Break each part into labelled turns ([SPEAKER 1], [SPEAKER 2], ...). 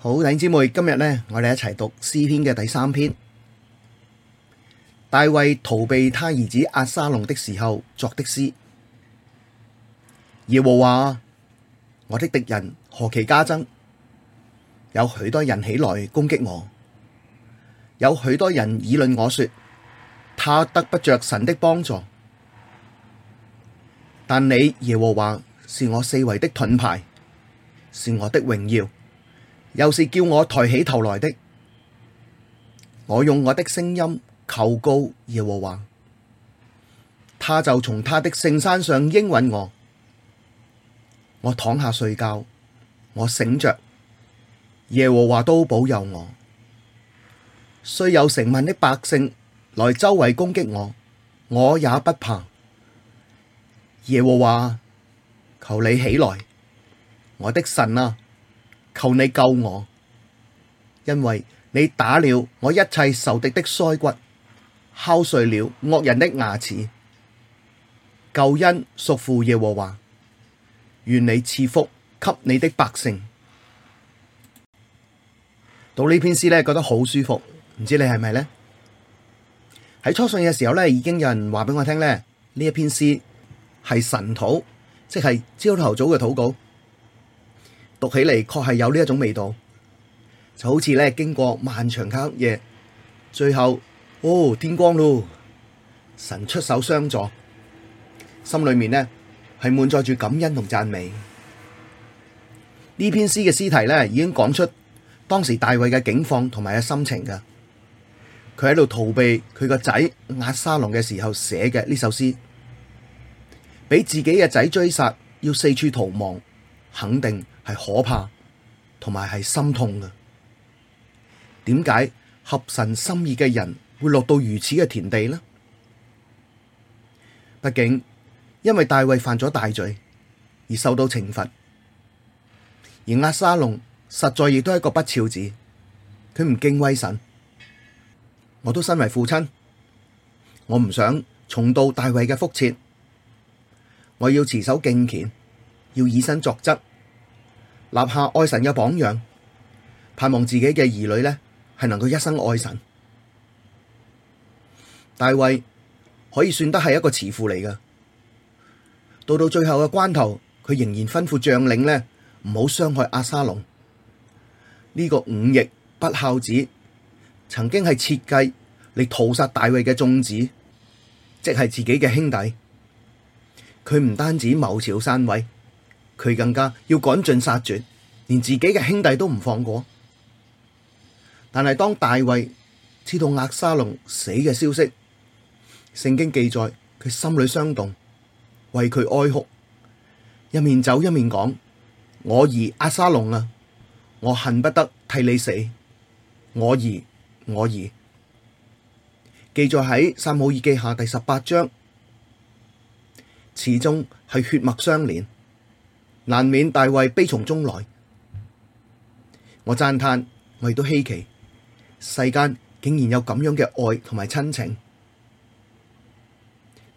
[SPEAKER 1] 好，弟兄姊妹，今日呢，我哋一齊讀詩篇嘅第三篇，大衛逃避他兒子押沙龍的時候作的詩。耶和華，我的敵人何其加增，有許多人起來攻擊我，有許多人議論我說，他得不着神的幫助，但你耶和華是我四圍的盾牌，是我的榮耀。又是叫我抬起頭來的，我用我的聲音求告耶和華，他就從他的聖山上應允我。我躺下睡覺，我醒着，耶和華都保佑我。雖有成萬的百姓來周圍攻擊我，我也不怕。耶和華，求你起來，我的神啊！求你救我，因為你打了我一切仇敵的腮骨，敲碎了惡人的牙齒。救恩屬乎耶和華，願你賜福給你的百姓。讀呢篇詩呢，覺得好舒服，唔知你係咪呢？喺初信嘅時候呢，已經有人話俾我聽咧，呢一篇詩係神禱，即係朝頭早嘅禱稿。」讀起嚟確係有呢一種味道，就好似咧，經過漫長嘅黑夜，最後哦天光咯，神出手相助，心裏面呢，係滿載住感恩同讚美。呢篇詩嘅詩題呢，已經講出當時大衛嘅境況同埋嘅心情噶，佢喺度逃避佢個仔押沙龍嘅時候寫嘅呢首詩，俾自己嘅仔追殺，要四處逃亡，肯定。係可怕，同埋係心痛嘅。點解合神心意嘅人會落到如此嘅田地呢？畢竟因為大衛犯咗大罪而受到懲罰，而押沙龍實在亦都係一個不肖子，佢唔敬畏神。我都身為父親，我唔想重蹈大衛嘅覆轍。我要持守敬虔，要以身作則。立下愛神嘅榜樣，盼望自己嘅兒女呢係能夠一生愛神。大衛可以算得係一個慈父嚟㗎，到到最後嘅關頭，佢仍然吩咐將領呢，唔好傷害押沙龍呢，這個忤逆不孝子曾經係設計嚟屠殺大衛嘅眾子，即係自己嘅兄弟。佢唔單止謀朝篡位。佢更加要趕盡殺絕，連自己嘅兄弟都唔放過。但係當大衛知道押沙龍死嘅消息，聖經記載佢心裏傷痛，為佢哀哭，一面走一面講：我兒押沙龍啊，我恨不得替你死。我兒我兒……」記載喺撒母耳記下第十八章，始終係血脈相連。難免大衛悲從中來，我讚歎，我亦都稀奇，世間竟然有咁樣嘅愛同埋親情。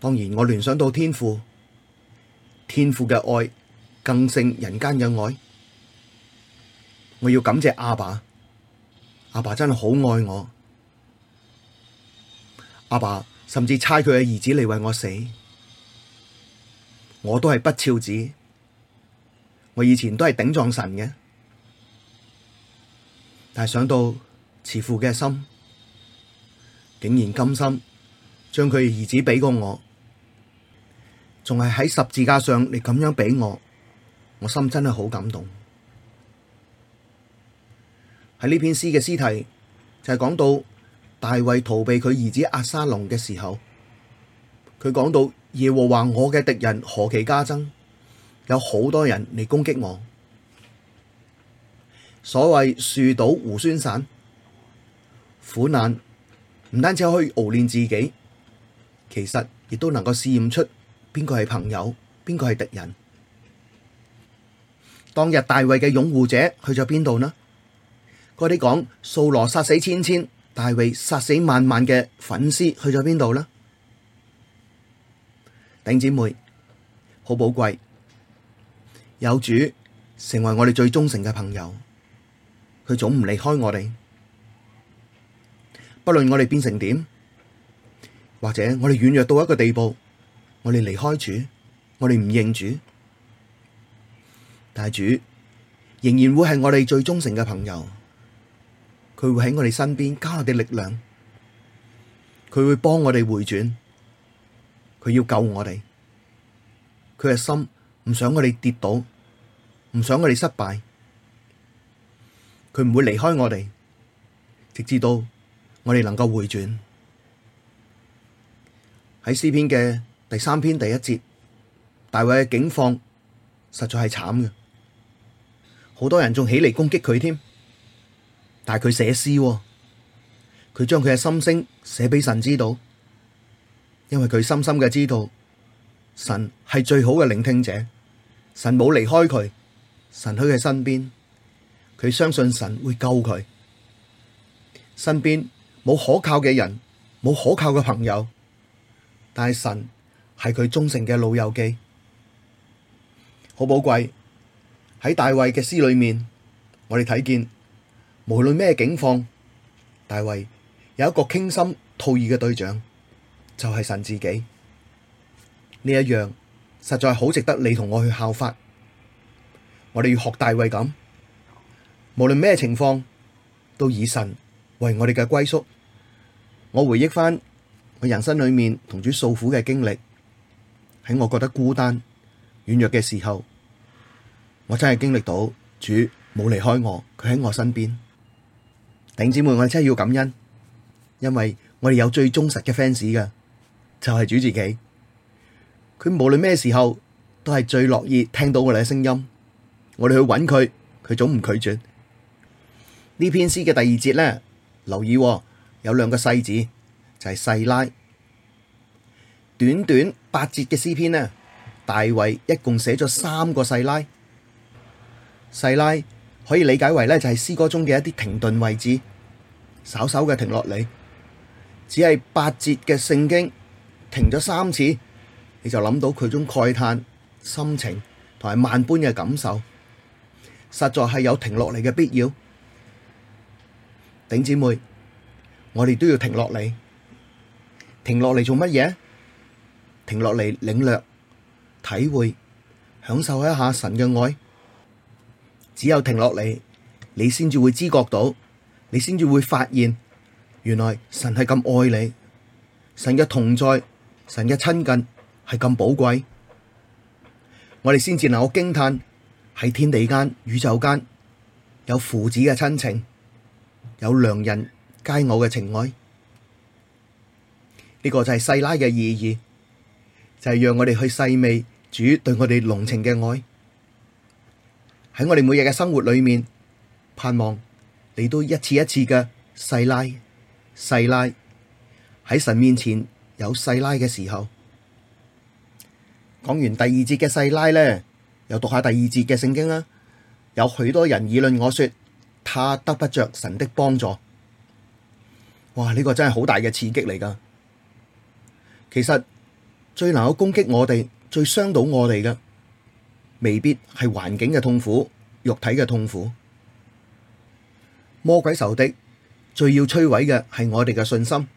[SPEAKER 1] 當然，我聯想到天父，天父嘅愛更勝人間嘅愛。我要感謝阿爸，阿爸真係好愛我，阿爸甚至差佢嘅兒子嚟為我死，我都係不肖子。我以前都係頂撞神嘅，但係想到慈父嘅心，竟然甘心將佢兒子俾過我，仲係喺十字架上，你咁樣俾我，我心真係好感動。喺呢篇詩嘅詩題就係講到大衛逃避佢兒子押沙龍嘅時候，佢講到耶和華，我嘅敵人何其加增。有好多人嚟攻擊我。所謂樹倒猢猻散，苦難唔單止可以熬練自己，其實亦都能夠試驗出邊個係朋友，邊個係敵人。當日大衛嘅擁護者去咗邊度呢？嗰啲講掃羅殺死千千，大衛殺死萬萬嘅粉絲去咗邊度呢？頂姊妹，好寶貴。有主成為我哋最忠誠嘅朋友，佢總唔離開我哋，不論我哋變成點，或者我哋軟弱到一個地步，我哋離開主，我哋唔認主，但係主仍然會係我哋最忠誠嘅朋友，佢會喺我哋身邊加下嘅力量，佢會幫我哋回轉，佢要救我哋，佢嘅心。唔想我哋跌倒，唔想我哋失敗，佢唔會離開我哋，直至到我哋能夠回轉。喺詩篇嘅第三篇第一節，大衛嘅境況實在係慘嘅，好多人仲起嚟攻擊佢添，但係佢寫詩，佢將佢嘅心聲寫俾神知道，因為佢深深嘅知道。神係最好嘅聆聽者，神冇離開佢，神喺佢身邊，佢相信神會救佢。身邊冇可靠嘅人，冇可靠嘅朋友，但係神係佢忠誠嘅老友記，好寶貴。喺大衛嘅詩裏面，我哋睇見無論咩境況，大衛有一個傾心吐意嘅對象，就係神自己。呢一樣實在好值得你同我去效法。我哋要學大衛咁，無論咩情況，都以神為我哋嘅歸宿。我回憶翻我人生裏面同主訴苦嘅經歷，喺我覺得孤單、軟弱嘅時候，我真係經歷到主冇離開我，佢喺我身邊。弟兄姊妹，我真係要感恩，因為我哋有最忠實嘅 fans 噶，就係、是、主自己。佢無論咩時候都係最樂意聽到我哋嘅聲音。我哋去揾佢，佢總唔拒絕。呢篇詩嘅第二節呢，留意，哦，有兩個細字就係、是、細拉。短短八節嘅詩篇呢，大衛一共寫咗三個細拉。細拉可以理解為呢，就係詩歌中嘅一啲停頓位置，稍稍嘅停落嚟，只係八節嘅聖經停咗三次。你就諗到佢種慨嘆心情同埋萬般嘅感受，實在係有停落嚟嘅必要。頂姐妹，我哋都要停落嚟，停落嚟做乜嘢？停落嚟領略、體會、享受一下神嘅愛。只有停落嚟，你先至會知覺到，你先至會發現，原來神係咁愛你，神嘅同在，神嘅親近。係咁寶貴，我哋先至能夠驚嘆喺天地間、宇宙間有父子嘅親情，有良人皆我嘅情愛。呢、這個就係細拉嘅意義，就係、是、讓我哋去細味主對我哋濃情嘅愛。喺我哋每日嘅生活裏面，盼望你都一次一次嘅細拉，細拉，喺神面前有細拉嘅時候。講完第二節嘅細拉呢，又讀下第二節嘅聖經啦。有許多人議論我說，他得不着神的幫助。哇！呢個真係好大嘅刺激嚟噶。其實最難有攻擊我哋、最傷到我哋嘅，未必係環境嘅痛苦、肉體嘅痛苦。魔鬼仇敵最要摧毀嘅係我哋嘅信心。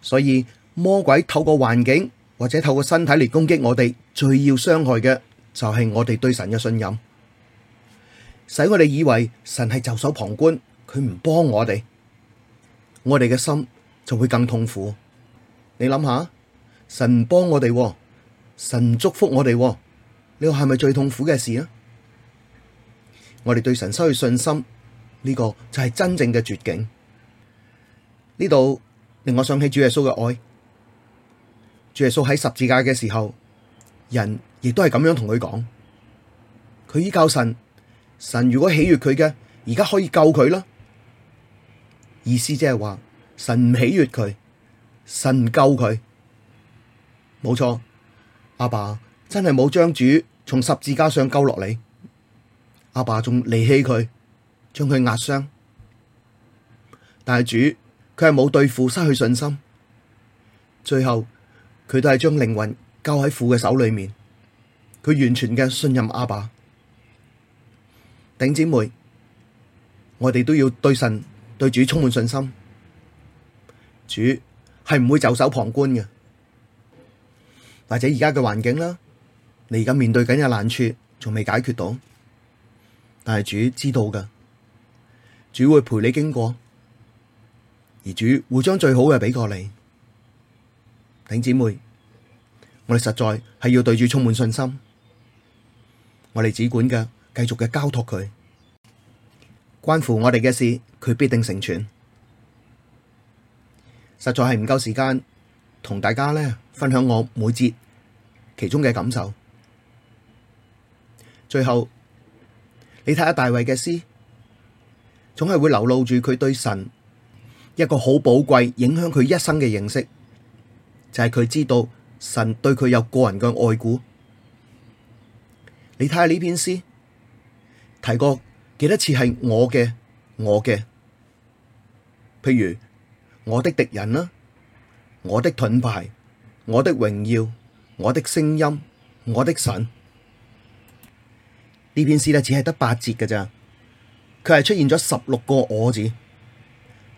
[SPEAKER 1] 所以魔鬼透過環境。或者透過身體嚟攻擊我哋，最要傷害嘅就係我哋對神嘅信任，使我哋以為神係袖手旁觀，佢唔幫我哋，我哋嘅心就會更痛苦。你諗下，神唔幫我哋，神唔祝福我哋，你話係咪最痛苦嘅事啊？我哋對神失去信心，呢、這個就係真正嘅絕境。呢度令我想起主耶穌嘅愛。主耶穌喺十字架嘅時候，人亦都係咁樣同佢講，佢依靠神，神如果喜悦佢嘅，而家可以救佢啦。意思即係話神唔喜悦佢，神唔救佢，冇錯。阿爸真係冇將主從十字架上救落嚟，阿爸仲離棄佢，將佢壓傷。但係主佢係冇對付，失去信心，最後。佢都係將靈魂交喺父嘅手裏面，佢完全嘅信任阿爸。頂姊妹，我哋都要對神、對主充滿信心。主係唔會袖手旁觀嘅，或者而家嘅環境啦，你而家面對緊嘅難處仲未解決到，但係主知道㗎，主會陪你經過，而主會將最好嘅畀過你。弟兄姊妹，我哋實在係要對住充滿信心，我哋只管嘅繼續嘅交託佢，關乎我哋嘅事，佢必定成全。實在係唔夠時間同大家呢分享我每節其中嘅感受。最後，你睇下大衛嘅詩，總係會流露住佢對神一個好寶貴、影響佢一生嘅認識。就係佢知道神對佢有個人嘅愛顧。你睇下呢篇詩提過幾多次係我嘅，我嘅，譬如我的敵人啦，我的盾牌，我的榮耀，我的聲音，我的神。呢篇詩呢只係得八節㗎咋，佢係出現咗十六個我字，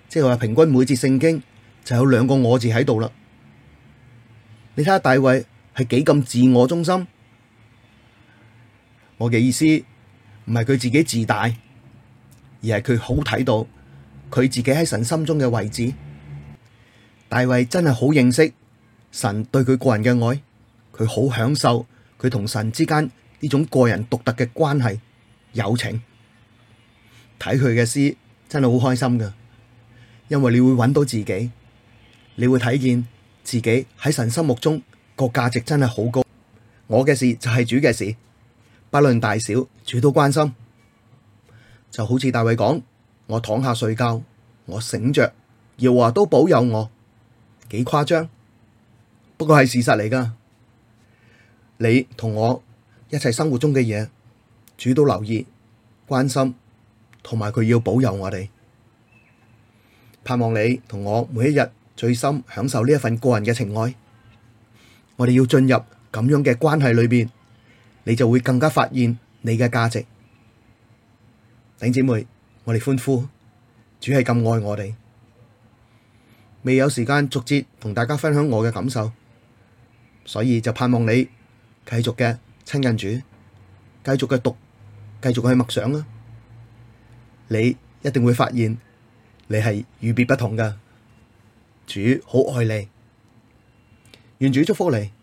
[SPEAKER 1] 即係話平均每節聖經就有兩個我字喺度啦。你睇下大衛係幾咁自我中心，我嘅意思唔係佢自己自大，而係佢好睇到佢自己喺神心中嘅位置。大衛真係好認識神對佢個人嘅愛，佢好享受佢同神之間呢種個人獨特嘅關係友情。睇佢嘅詩真係好開心㗎，因為你會揾到自己，你會睇見。自己喺神心目中個價值真係好高，我嘅事就係主嘅事，不論大小，主都關心，就好似大衛講：我躺下睡覺，我醒着，耶和華都保佑我，幾誇張？不過係事實嚟噶，你同我一齊生活中嘅嘢，主都留意、關心，同埋佢要保佑我哋，盼望你同我每一日。最深享受呢一份個人嘅情愛，我哋要進入咁樣嘅關係裏邊，你就會更加發現你嘅價值。頂姐妹，我哋歡呼，主係咁愛我哋。未有時間逐節同大家分享我嘅感受，所以就盼望你繼續嘅親近主，繼續嘅讀，繼續去默想啊！你一定會發現你係與別不同噶。主好愛你，願主祝福你。